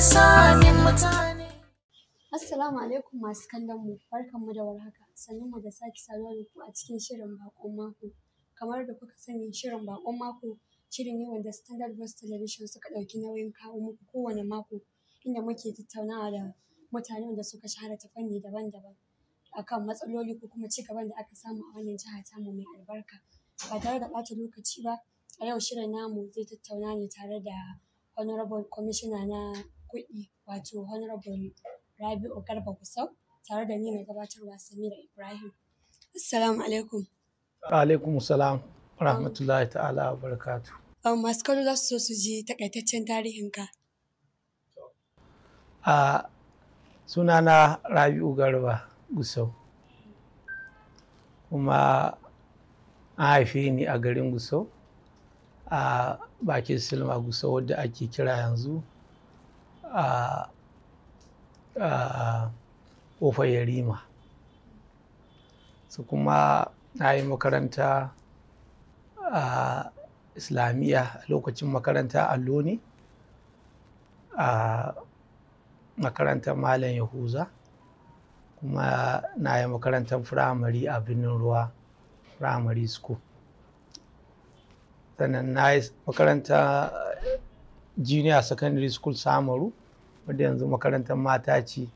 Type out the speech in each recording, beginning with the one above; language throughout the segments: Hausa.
Assalamu alaikum masu kallon mu barkan mu da warhaka mu da sake saduwa da ku a cikin shirin bakon mako kamar da kuka sani shirin bakon mako shirin ne wanda Standard Voice Television suka dauki nauyin kawo muku kowane mako inda muke tattaunawa da mutane da suka shahara ta fanni daban-daban akan matsaloli ko kuma gaban da aka samu a wannan jiha tamu mai albarka ba tare da bata lokaci ba a yau shirin namu zai tattauna ne tare da Honorable Commissioner na kuɗi wato Honorable Rabi'u Garba Gusau tare da ni mai gabatarwa Samira Ibrahim. Assalamu alaikum. Alaikum salam rahmatullahi ta'ala wa barakatu. Um, masu kano za su so su ji takaitaccen ka A sunana Rabi'u Garba Gusau. Kuma an haife ni a garin Gusau a bakin Silma Gusau wadda ake kira yanzu a kofar yarima su kuma na yi makaranta a islamiyya lokacin makaranta allo ne a makarantar malam yahuza kuma na yi makarantar firamare a birnin ruwa firamare school sannan na yi makaranta junior secondary school samaru wadda yanzu makarantar mata ce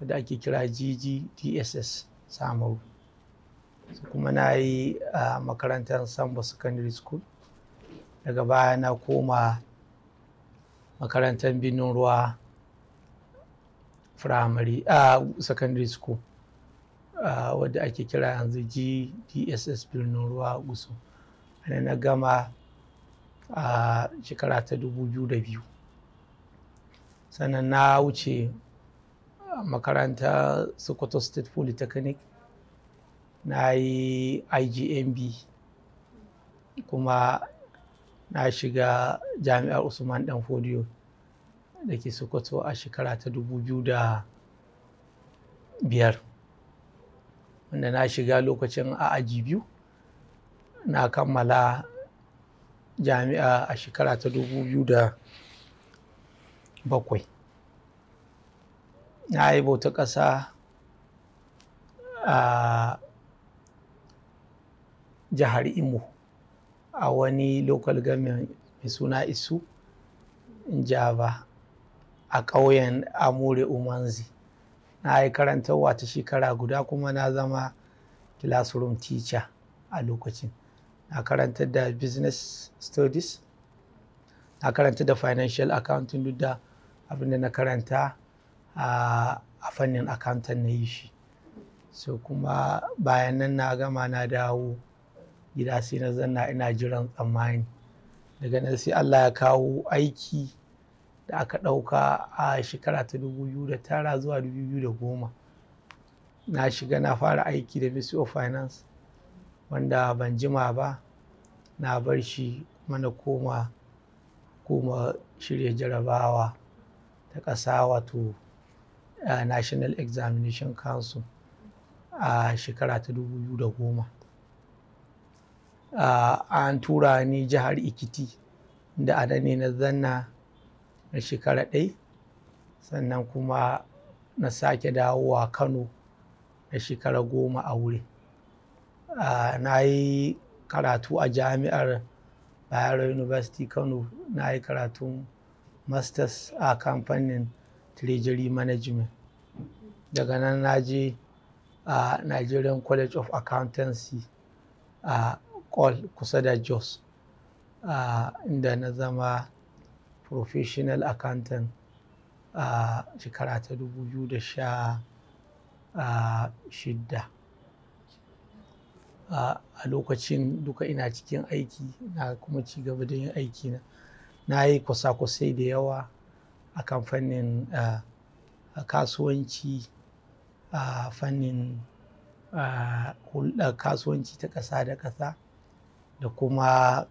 wadda ake kira ggtss samaru kuma na yi a makarantar samba secondary school daga baya na koma makarantar binin ruwa primary a secondary school wadda ake kira yanzu gdss birnin ruwa gusu na gama a shekara ta 2002 sannan na wuce ah, makaranta sokoto state polytechnic na yi igmb kuma na shiga jami'ar usman dan fodiyo da ke sokoto a shekara ta biyar. wanda na shiga lokacin a aji biyu na kammala jami'a a shekara ta 2000 bakwai na yi bauta ƙasa a jihar imo a wani local government mai suna isu java a ƙauyen amure umanzi na yi karantarwa ta shekara guda kuma na zama classroom teacher a lokacin na karanta da business studies na karanta da financial accounting duk da Abin da na karanta a fannin accountant na yi shi so kuma bayan nan na gama na dawo gida sai na zanna ina jiran tsammani daga nan sai Allah ya kawo aiki da aka ɗauka a shekara ta tara zuwa da goma. na shiga na fara aiki da Ministry of Finance wanda ban jima ba na bar shi mana koma koma shirya jarabawa ta ƙasa wato national examination council a shekara ta da 2010 an tura ni jihar ikiti da a ne na zanna na shekara ɗai sannan kuma na sake dawowa kano na shekara goma a wuri na yi karatu a jami'ar bayero university kano na yi karatun masters a kamfanin treasury management daga nan na je a nigerian college of accountancy a call kusa da jos inda na zama professional accountant a shekara ta 2016 a lokacin duka ina cikin aiki na kuma ci gaba da yin aiki na na yi kusa kusai da yawa a kan fannin ah, kasuwanci a ah, fannin ah, hulɗar kasuwanci ta ƙasa da ƙasa da kuma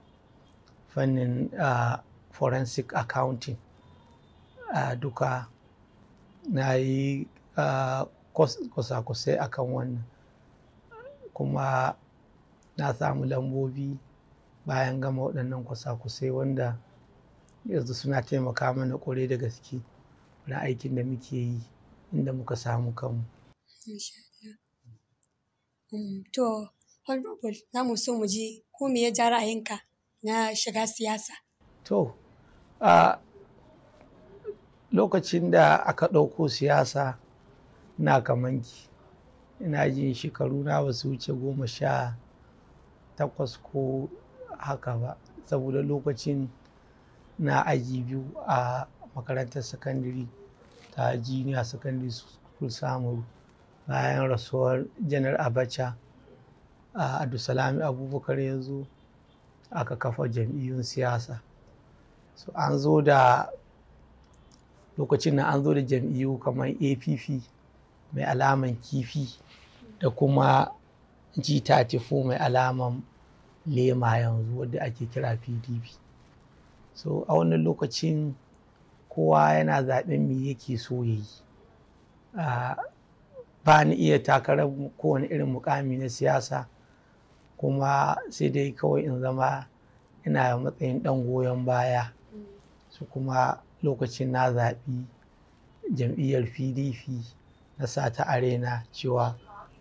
fannin forensic accounting duka na yi kusa kusai a kan wannan kuma na samu lambobi bayan gama waɗannan kusa kusai wanda yanzu suna taimaka mana kore da gaske na aikin da muke yi inda muka samu kanmu. Um, to, Honorable, za mu so mu ji ko me ya ja ra'ayinka na shiga siyasa? To, a lokacin da aka ɗauko siyasa na kamanki, ina jin shekaru na ba su wuce goma sha takwas ko haka ba, saboda lokacin na aji biyu a makarantar sakandare ta junior secondary school samaru bayan rasuwar janar abacha a abdulsalami abubakar ya zo aka kafa jam'iyyun siyasa so an zo da lokacin nan an zo da jam'iyyu kamar app mai alaman kifi da kuma g34 mai alaman lema yanzu wadda ake kira pdp so a wannan lokacin kowa yana zaɓen me yake so ya yi ba ni iya takarar kowane irin mukami na siyasa kuma sai dai kawai in zama ina matsayin ɗan goyon baya su kuma lokacin na zaɓi jam'iyyar pdp na sata arena cewa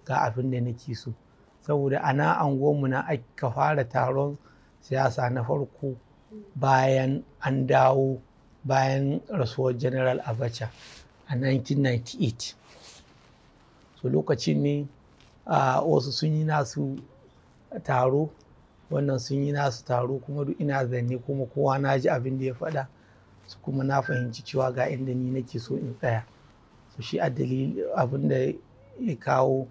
ga abin da nake so saboda a nan anguwanmu na aka fara taron siyasa na farko bayan an dawo bayan rasuwar general abacha a 1998 so lokaci ne a wasu sun yi nasu taro wannan sun yi nasu taro kuma duk ina zanne kuma kowa na ji abin da ya faɗa su kuma na fahimci cewa ga inda ni nake so in tsaya so shi a dalilin abin da ya kawo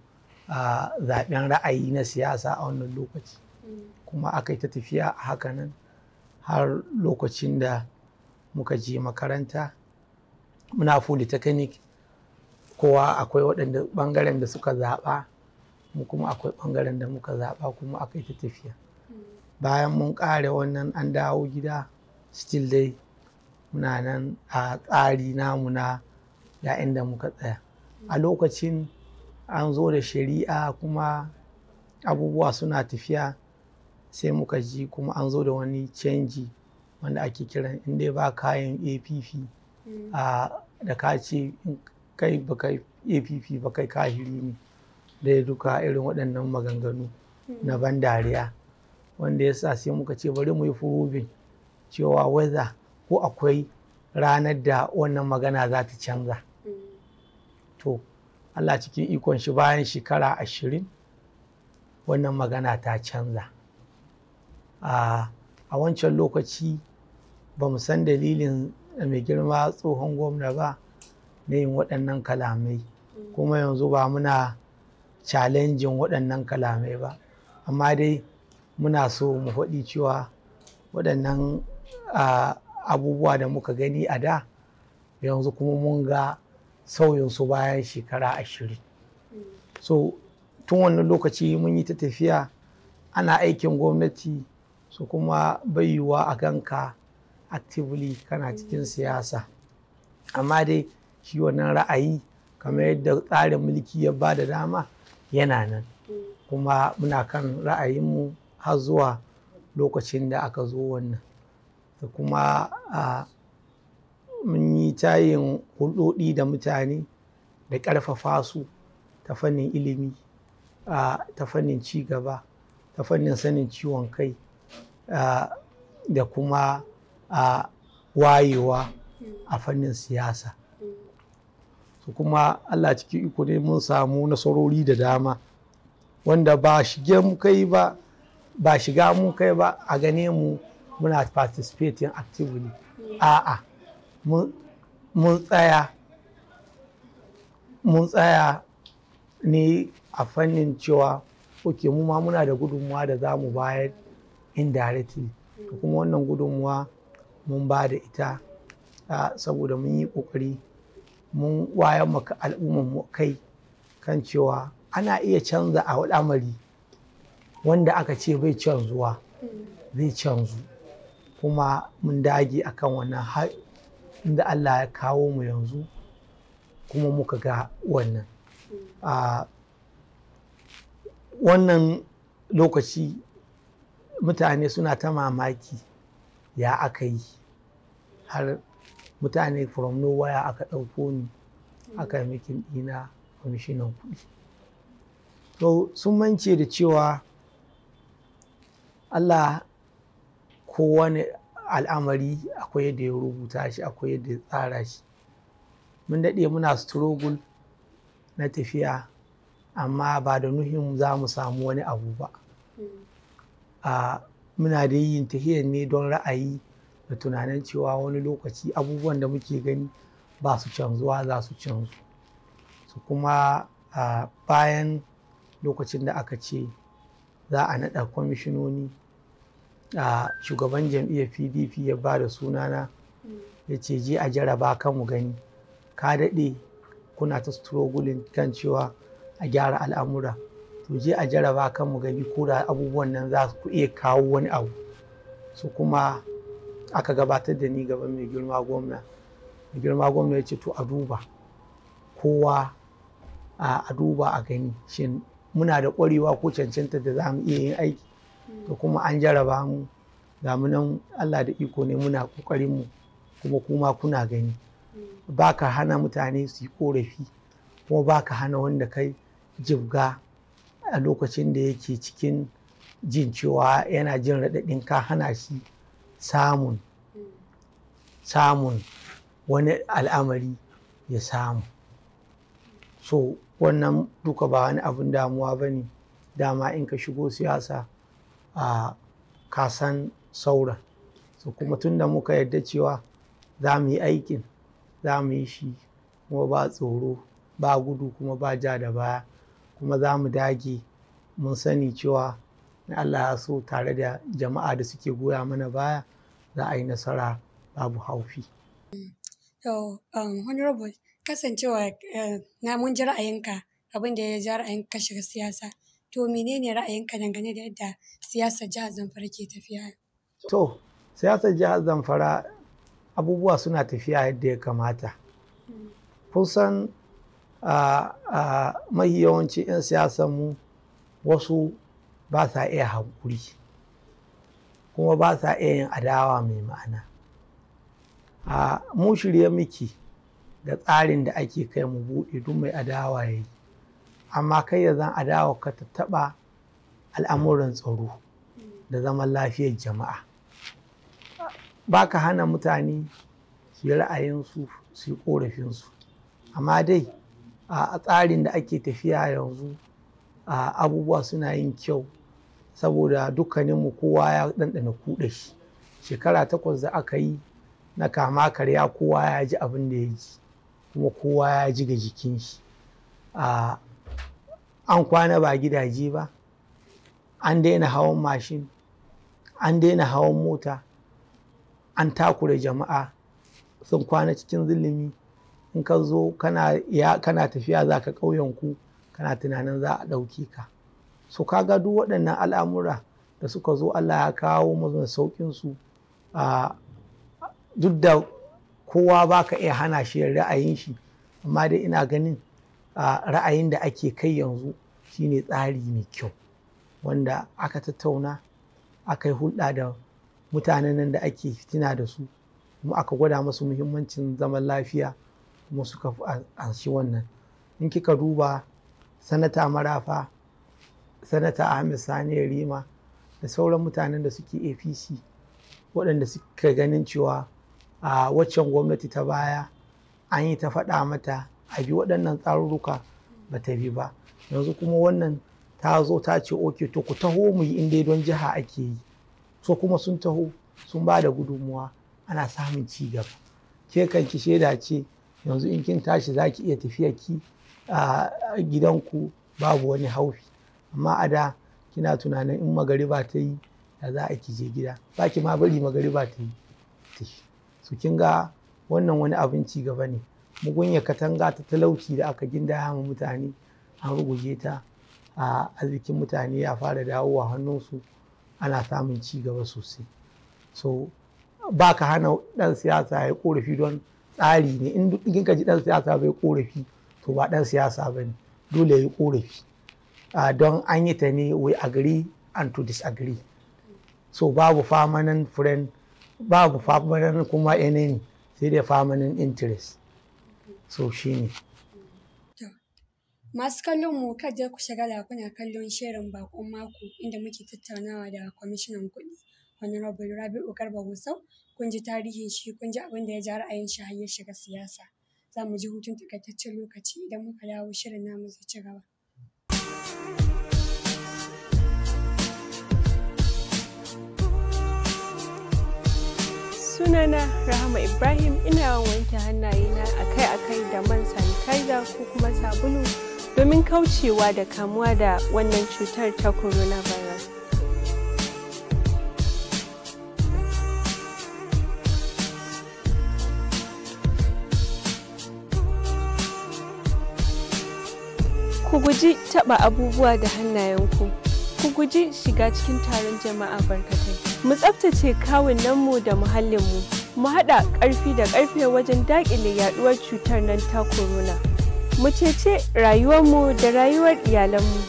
a zaɓen ra'ayi na siyasa a wannan lokaci mm. kuma aka yi ta tafiya a haka nan. har lokacin da muka je makaranta muna polytechnic kowa akwai waɗanda ɓangaren da suka zaɓa mu kuma akwai ɓangaren da muka zaɓa kuma aka yi ta tafiya bayan mun ƙare wannan an dawo gida still dai muna nan a tsari namu na ya'yan da muka tsaya a lokacin an zo da shari'a kuma abubuwa suna tafiya sai muka ji kuma an zo da wani canji wanda ake kiran in dai ba kayan app mm. da ka ce kai ba kai app ba kai kahiri ne dai duka irin waɗannan maganganu mm. na ban dariya wanda ya sa sai muka ce bari mu yi furubin cewa waza ko akwai ranar da wannan magana za ta canza mm. to allah cikin ikon shi bayan shekara ashirin wannan magana ta canza a wancan lokaci ba mu san dalilin mai girma tsohon gwamna ba na yin waɗannan kalamai kuma yanzu ba muna challenging waɗannan kalamai ba amma dai muna so mu faɗi cewa waɗannan abubuwa da muka gani a da yanzu kuma mun ga sauyinsu bayan shekara ashirin so tun wannan lokaci mun yi ta tafiya ana aikin gwamnati su kuma bai a ganka actively kana cikin siyasa amma dai shi wannan ra'ayi kamar yadda tsarin mulki ya ba da dama yana nan kuma muna kan ra'ayinmu har zuwa lokacin da aka zo wannan da kuma mun yi tayin hulɗoɗi da mutane da ƙarfafa su ta fannin ilimi ta fannin ci gaba ta fannin sanin ciwon kai da kuma a wayewa a fannin siyasa su kuma allah cikin iko ne mun samu nasarori da dama wanda ba shige mu kai ba ba shiga mu kai ba a gane mu muna participating actively a'a mun tsaya mun tsaya ne a fannin cewa oke mu ma muna da gudunmuwa da za mu bayar indirectly mm. kuma wannan gudunmuwa mun ba da ita saboda mun yi ƙoƙari mun wayar maka al'umman kai kan cewa ana iya canza a al'amari wanda aka ce bai canzuwa mm. zai canzu kuma mun dage akan wannan har inda Allah ya kawo mu yanzu kuma muka ga wannan mm. wannan lokaci mutane suna ta mamaki ya aka yi har mutane from nowhere aka ɗauko ni aka yi mikin ɗina kwamishinan kuɗi to sun mance da cewa allah kowane al'amari akwai yadda ya rubuta shi akwai yadda ya tsara shi mun daɗe muna struggle na tafiya amma ba da nuhin za mu samu wani abu ba a muna da yin tahiyar ne don ra'ayi da tunanin cewa wani lokaci abubuwan da muke gani ba su canzuwa za su canzu su kuma bayan lokacin da aka ce za a naɗa kwamishinoni a shugaban jam'iyyar pdp ya ba da sunana ya ce je a jaraba kan mu gani ka daɗe kuna ta strogulin kan cewa a gyara al'amura to je a jaraba kan mu gani ko da abubuwan nan za su iya kawo wani abu su kuma aka gabatar da ni gaban mai girma gwamna mai girma gwamna ya ce to a duba kowa a duba a gani shin muna da ƙwarewa ko cancanta da za mu iya yin aiki to kuma an jaraba mu ga mu nan Allah da iko ne muna ƙoƙarin mu kuma kuma kuna gani ba ka hana mutane su yi ƙorafi kuma ba ka hana wanda kai jibga a lokacin da yake cikin jin cewa yana jin raɗaɗin ka hana shi samun samun wani al'amari ya samu so wannan duka ba wani abin damuwa ba ne dama in ka shigo siyasa a kasan sauran so kuma tun da muka yarda cewa za mu yi aikin za mu yi shi kuma ba tsoro ba gudu kuma ba ja da baya kuma za mu dage mun sani cewa na Allah ya so tare da jama'a da suke goya mana baya za a yi nasara babu haufi. Um, Honorable, kasancewa eh, na ji ra'ayinka abin da ya ja ra'ayinka shiga siyasa. To, menene ra'ayinka dangane da yadda siyasar jihar Zamfara ke tafiya? To, siyasar jihar Zamfara abubuwa suna tafiya yadda ya kamata. Hmm. Kusan a mahi yawanci 'yan siyasanmu wasu ba sa iya haƙuri kuma ba sa iya yin adawa mai ma'ana a mu shirya miki da tsarin da ake kai mu buɗe duk mai adawa ya yi amma kai ya zan adawa ka ta taɓa al'amuran tsaro da zaman lafiyar jama'a ba ka hana mutane su yi ra'ayinsu su yi ƙorafinsu amma dai a tsarin da ake tafiya yanzu a abubuwa suna yin kyau saboda dukkaninmu kowa ya ɗanɗana kuɗa shi shekara takwas da aka yi na kama karya kowa ya ji abin da ya ji kuma kowa ya ji ga jikin shi an kwana ba gidaje ba an daina hawan mashin an daina hawan mota an takura jama'a sun kwana cikin zulumi in ka zo kana tafiya za ka ƙauyenku kana tunanin za a ɗauki ka so ka ga duk waɗannan al'amura da suka zo Allah ya kawo mazan saukin su a duk da kowa ba ka iya hana shi ra'ayin shi amma dai ina ganin ra'ayin da ake kai yanzu shine tsari mai kyau wanda aka tattauna aka yi hulɗa da mutanen nan da ake fitina da su kuma aka gwada masu muhimmancin zaman lafiya kuma suka anshi wannan in kika duba sanata marafa sanata ahmed sani rima da sauran mutanen da suke apc waɗanda suka ganin cewa a waccan gwamnati ta baya an yi ta faɗa mata a bi waɗannan tsarurruka ba ta bi ba yanzu kuma wannan ta zo ta ce oke to ku taho mu yi inda don jiha ake yi so kuma sun taho sun ba da gudunmuwa ana samun ci gaba ke kanki shaida ce yanzu in kin tashi za ki iya tafiya ki a gidanku babu wani haufi amma a da kina tunanin in magariba ta yi da za a kije gida ba ki ma bari magariba ta yi su kin ga wannan wani abin ci gaba ne mugunya katanga ta talauci da aka gindaya ma mutane an ruguje ta a arzikin mutane ya fara dawowa hannunsu ana samun ci gaba sosai so ba ka hana ɗan siyasa ya korafi don tsari ne in duk ka ji dan siyasa bai korafi to ba dan siyasa ba ne dole ya korafi don an yi ta ne we agree and to disagree so babu famanin friend babu famanin kuma enemy sai da famanin interest so shi ne. masu kallon mu kada ku shagala kuna kallon shirin bakon mako inda muke tattaunawa da kwamishinan kuɗi honorable rabi'u garba musau kun ji tarihin shi kun ji abin da ya ja ra'ayin shi har ya shiga siyasa za mu ji hutun takaitaccen lokaci idan muka dawo shirin namu zai ci gaba. sunana rahama ibrahim ina wanke hannaye na akai-akai da man sanitizer ko kuma sabulu domin kaucewa da kamuwa da wannan cutar ta coronavirus. ku guji taɓa abubuwa da hannayenku ku guji shiga cikin taron jama'a barkatai mu tsabtace kawunanmu da muhallinmu mu haɗa ƙarfi da ƙarfe wajen daƙile yaɗuwar cutar nan ta corona mu cece rayuwarmu da rayuwar iyalanmu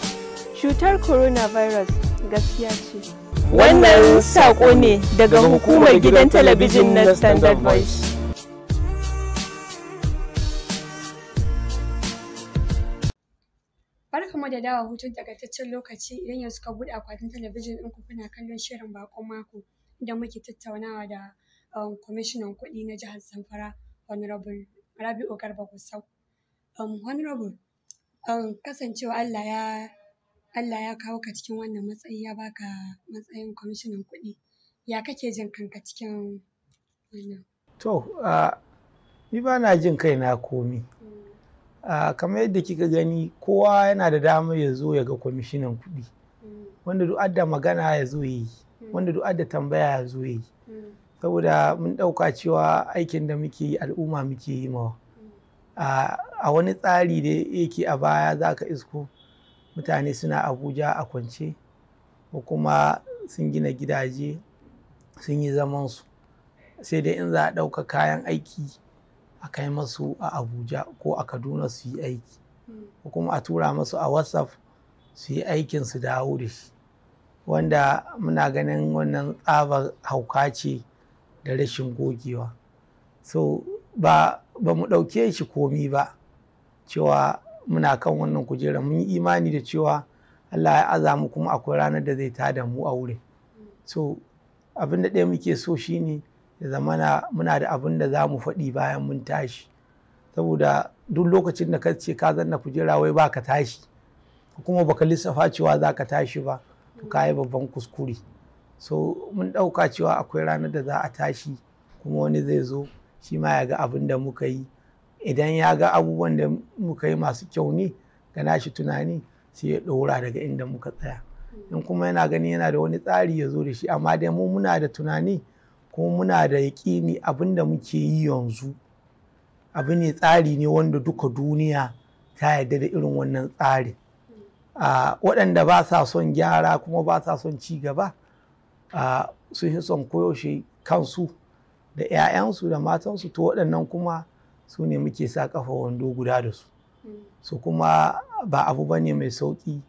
cutar coronavirus gaskiya ce wannan saƙo ne daga hukumar gidan talabijin na standard voice da dawa hutun takaitaccen lokaci idan yanzu ka buɗe akwatin talabijin ɗinku kuna kallon shirin baƙon mako idan muke tattaunawa da um, kwamishinan kuɗi na jihar Zamfara Honorable Rabi'u Garba Kusau. Um, Honorable, um, kasancewa Allah ya Allah ya kawo ka cikin wannan matsayi ya baka matsayin kwamishinan kuɗi. Ya kake jin kanka cikin wannan? To, ni ba na jin kaina komi. Ah, kamar yadda kika gani kowa yana da dama ya zo ya ga kwamishinan kuɗi mm. wanda duk adda magana ya zo yi mm. wanda duk adda tambaya ya zo yi mm. saboda mun ɗauka cewa aikin da muke yi al'umma muke yi mawa ah, a wani tsari da yake a baya za ka isko mutane suna abuja a kwance ko kuma sun gina gidaje sun yi zamansu sai dai in za a ɗauka kayan aiki a kai masu a abuja ko a kaduna su yi aiki hmm. ko kuma a tura masu a whatsapp su yi aikin su dawo da shi wanda muna ganin wannan tsabar hauka ce da rashin gogewa so ba ba mu ɗauke shi komi ba cewa muna kan wannan kujera mun yi imani da cewa Allah ya azamu kuma akwai ranar da zai tada mu a wurin hmm. so abinda ɗaya muke so shine ya zamana muna da abin da za mu faɗi bayan mun tashi saboda duk lokacin da ka ce ka zanna kujera wai ba ka tashi kuma baka lissafa cewa za ka tashi ba to ka yi babban kuskure so mun ɗauka cewa akwai ranar da za a tashi kuma wani zai zo shi ma ya ga abin da muka yi idan ya ga abubuwan da muka yi masu kyau ne ga nashi tunani sai ya ɗora daga inda muka tsaya in kuma yana gani yana da wani tsari ya zo da shi amma dai mu muna da tunani kuma muna da yaƙini abin da muke yi yanzu abu ne tsari ne wanda duka duniya ta yarda da irin wannan tsari waɗanda ba sa son gyara kuma ba sa son ci gaba sun yi son koyaushe kansu da 'ya'yansu da matansu to waɗannan kuma su ne muke sa ƙafa wando guda da su hmm. su kuma ba abu ba ne mai sauƙi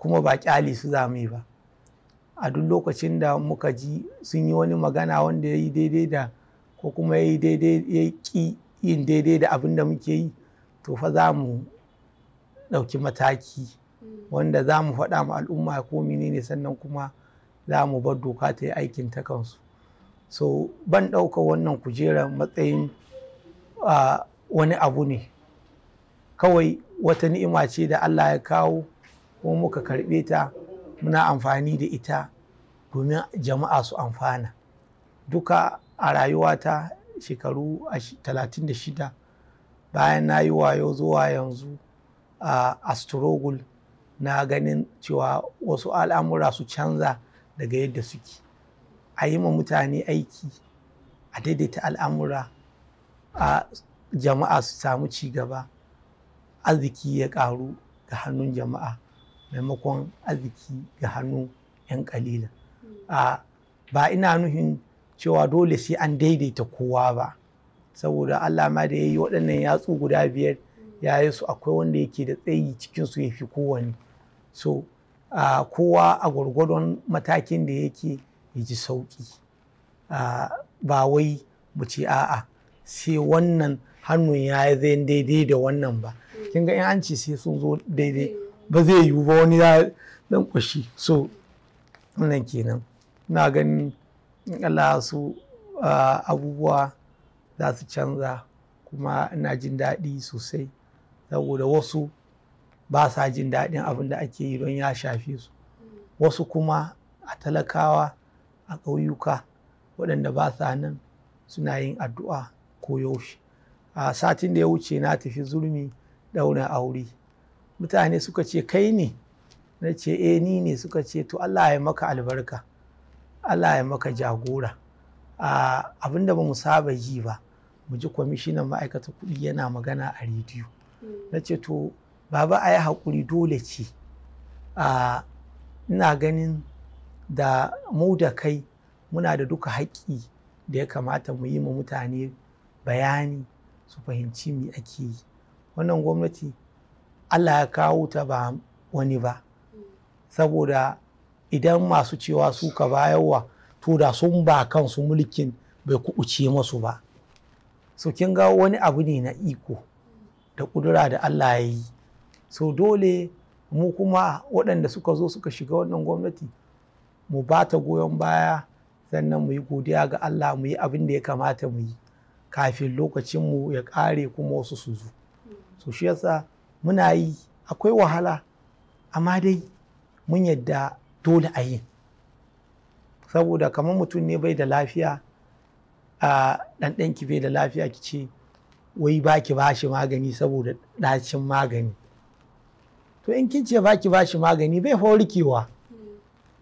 kuma ba ƙyale su zame ba. a duk lokacin da muka ji sun yi wani magana wanda ya yi daidai da ko kuma ya yi daidai ya yin daidai da abin da muke yi to fa za mu ɗauki mataki wanda za mu faɗa ma al'umma ko ne, sannan kuma za mu bar doka ta yi aikin ta kansu so ban ɗaukar wannan kujerar matsayin wani abu ne kawai wata ni'ima ce da allah ya kawo ko muka karɓe ta muna amfani da ita domin jama'a su amfana duka a rayuwata shekaru 36 bayan na yi wayo zuwa yanzu a astrogul na ganin cewa wasu al'amura su canza daga yadda suke a yi ma mutane aiki a daidaita al'amura a jama'a su samu ci gaba arziki ya karu ga hannun jama'a maimakon arziki ga hannu 'yan kalila ba ina nuhin cewa dole sai an daidaita kowa ba saboda Allah ma da ya yi waɗannan yatsu guda biyar ya yi su akwai wanda yake da tsayi cikin su ya fi kowane so kowa a gwargwadon matakin da yake ya ji sauƙi ba wai mu ce a'a sai wannan hannun ya yi zai daidai da wannan ba kin ga in an ce sai sun zo daidai ba zai yiwu ba wani ya dan kwashi so wannan kenan na ganin Allah su abubuwa za su canza kuma ina jin daɗi sosai saboda wasu ba sa jin daɗin abin da ake yi don ya shafe su wasu kuma a talakawa a ƙauyuka waɗanda ba sa nan suna yin addu'a ko yaushe a satin da ya wuce na tafi zurmi ɗaurin aure mutane suka ce kai ne na ce e ni ne suka ce to Allah ya maka albarka Allah ya maka jagora abinda ba mu saba yi ba mu ji kwamishinan ma'aikata kuɗi yana magana a rediyo na ce to baba a yi haƙuri dole ce ina ganin da mu da kai muna da duka haƙƙi da ya kamata mu yi ma mutane bayani su fahimci me ake yi wannan gwamnati Allah ya kawo ta ba wani ba saboda idan masu cewa suka bayarwa to da sun ba kansu mulkin bai kuɓuce masu ba so kin ga wani abu ne na iko da ƙudura da Allah ya yi so dole mu kuma waɗanda suka zo suka shiga wannan gwamnati mu ba ta goyon baya sannan mu yi godiya ga Allah mu yi abin da ya kamata mu yi kafin lokacinmu ya ƙare kuma wasu su zo so shi yasa muna yi akwai wahala amma dai mun yadda dole a yi saboda kamar mutum ne bai da lafiya a ɗanɗanki bai da lafiya ki ce wai ba ki bashi magani saboda ɗacin magani to in kin ce ba ki bashi magani bai horkewa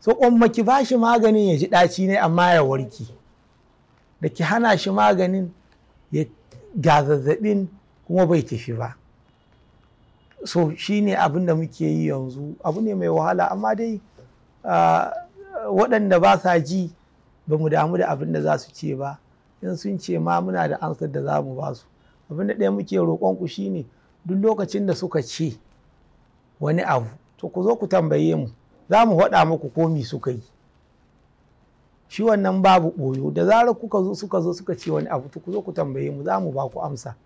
so umma ki bashi maganin ya ji ɗaci ne amma ya warke da ki hana shi maganin ya ga zazzabin kuma bai tafi ba so shine abin da muke yi yanzu abu ne mai wahala amma dai waɗanda ba sa ji ba mu damu da abin da za su ce ba in sun ce ma muna da ansar da za mu ba su abin da ɗaya muke roƙonku shi ne duk lokacin da suka ce wani abu to ku zo ku tambaye mu za mu faɗa muku komi suka yi shi wannan babu ɓoyo da zarar kuka zo suka zo suka ce wani abu to ku zo ku tambaye mu za mu ba ku amsa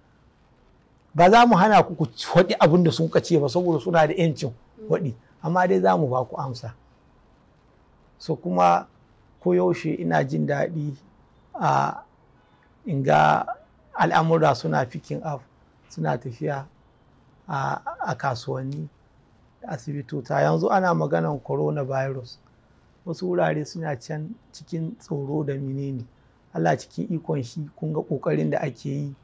ba za mu hana ku ku faɗi abin da sun kace ba saboda suna da yancin faɗi amma dai za mu ba ku amsa so kuma koyaushe ina jin daɗi a inga al'amura suna fikin af suna tafiya a kasuwanni asibitota yanzu ana maganan coronavirus wasu wurare suna can cikin tsoro da menene Allah cikin ikon shi kun ga ƙoƙarin da ake yi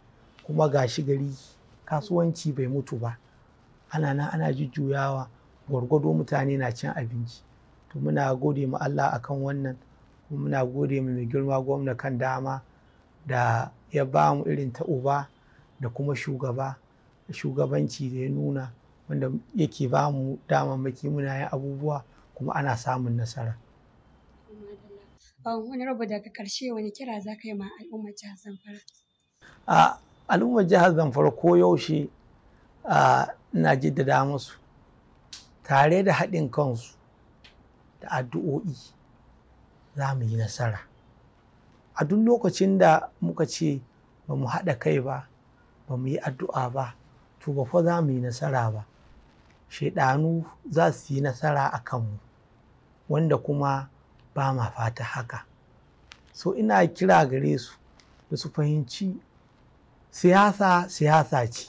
kuma gashi gari kasuwanci bai mutu ba ana nan ana jujjuyawa gwargwado mutane na cin abinci to muna gode ma Allah akan wannan kuma muna gode ma mai girma gwamna kan dama da ya ba mu irin ta uba da kuma shugaba shugabanci da ya nuna wanda yake ba mu damammaki muna yin abubuwa kuma ana samun nasara. wani rabu daga karshe wani kira za ka yi ma al'ummar jihar zamfara a al'ummar jihar zamfara ko yaushe na dama musu tare da haɗin kansu da addu'o'i za mu yi nasara a duk lokacin da muka ce ba mu haɗa kai ba ba mu yi addu'a ba to ba fa za mu yi nasara ba shaidanu za su yi nasara a kanmu wanda kuma ba ma fata haka so ina kira gare su da su fahimci siyasa siyasa ce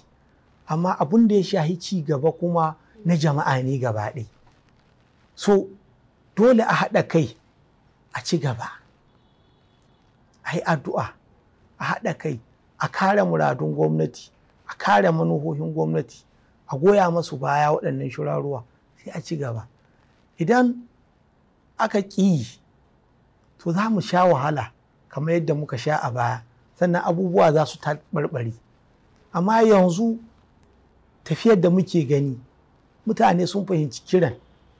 amma abin da ya shahi ci gaba kuma na jama'a ne gaba ɗai so dole a haɗa kai a ci gaba a yi addu'a a haɗa kai a kare muradun gwamnati a kare manuhohin gwamnati a goya masu baya waɗannan shirarruwa sai a ci gaba idan aka ƙi to za mu sha wahala kamar yadda muka sha a baya sannan abubuwa za su taɓarɓare amma yanzu tafiyar da muke gani mutane sun fahimci kiran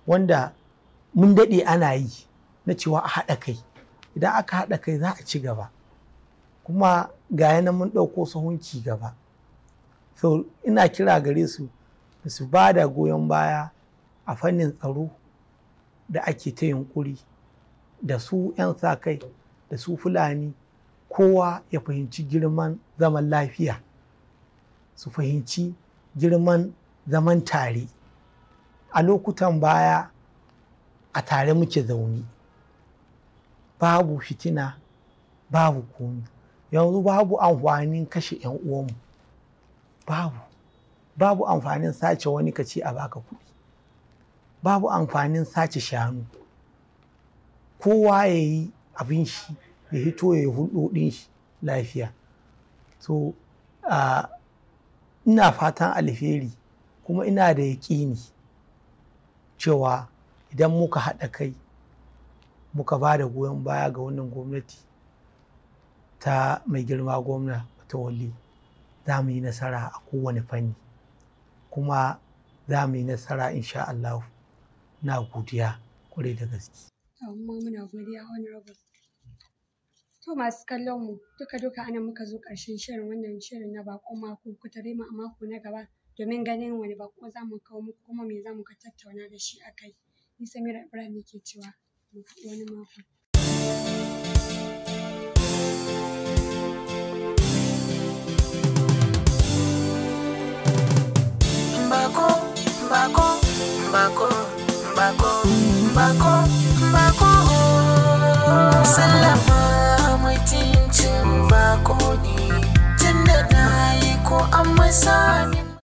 wanda mun daɗe ana yi na cewa a haɗa kai idan aka haɗa kai za a ci gaba kuma ga yana mun ɗauko sahun ci gaba so ina kira gare su su ba da goyon baya a fannin tsaro da ake ta yunkuri da su 'yan sa kai da su fulani kowa ya fahimci girman zaman lafiya su fahimci girman zaman tare a lokutan baya a tare muke zaune babu fitina babu komi yanzu babu amfanin kashe 'yan uwanmu babu babu amfanin sace wani kaci a baka kuɗi babu amfanin sace shanu kowa ya yi abin shi ya hito ya hulɗoɗin shi lafiya so ina fatan alheri kuma ina da yaƙini cewa idan muka haɗa kai muka ba da goyon baya ga wannan gwamnati ta mai girma gwamna ta wali za mu yi nasara a kowane fanni kuma za mu yi nasara insha Allah na godiya kwarai da gaske. To masu kallon mu duka duka anan muka zo ƙarshen shirin wannan shirin na bakon mako ku tare mu a mako na gaba domin ganin wani bako za mu kawo muku kuma me za mu ka tattauna da shi a kai. Ni Samira Ibrahim nake cewa mu haɗu wani mako. Mbako, mbako, mbako, mbako, mbako, mbako, oh, salama. amma sami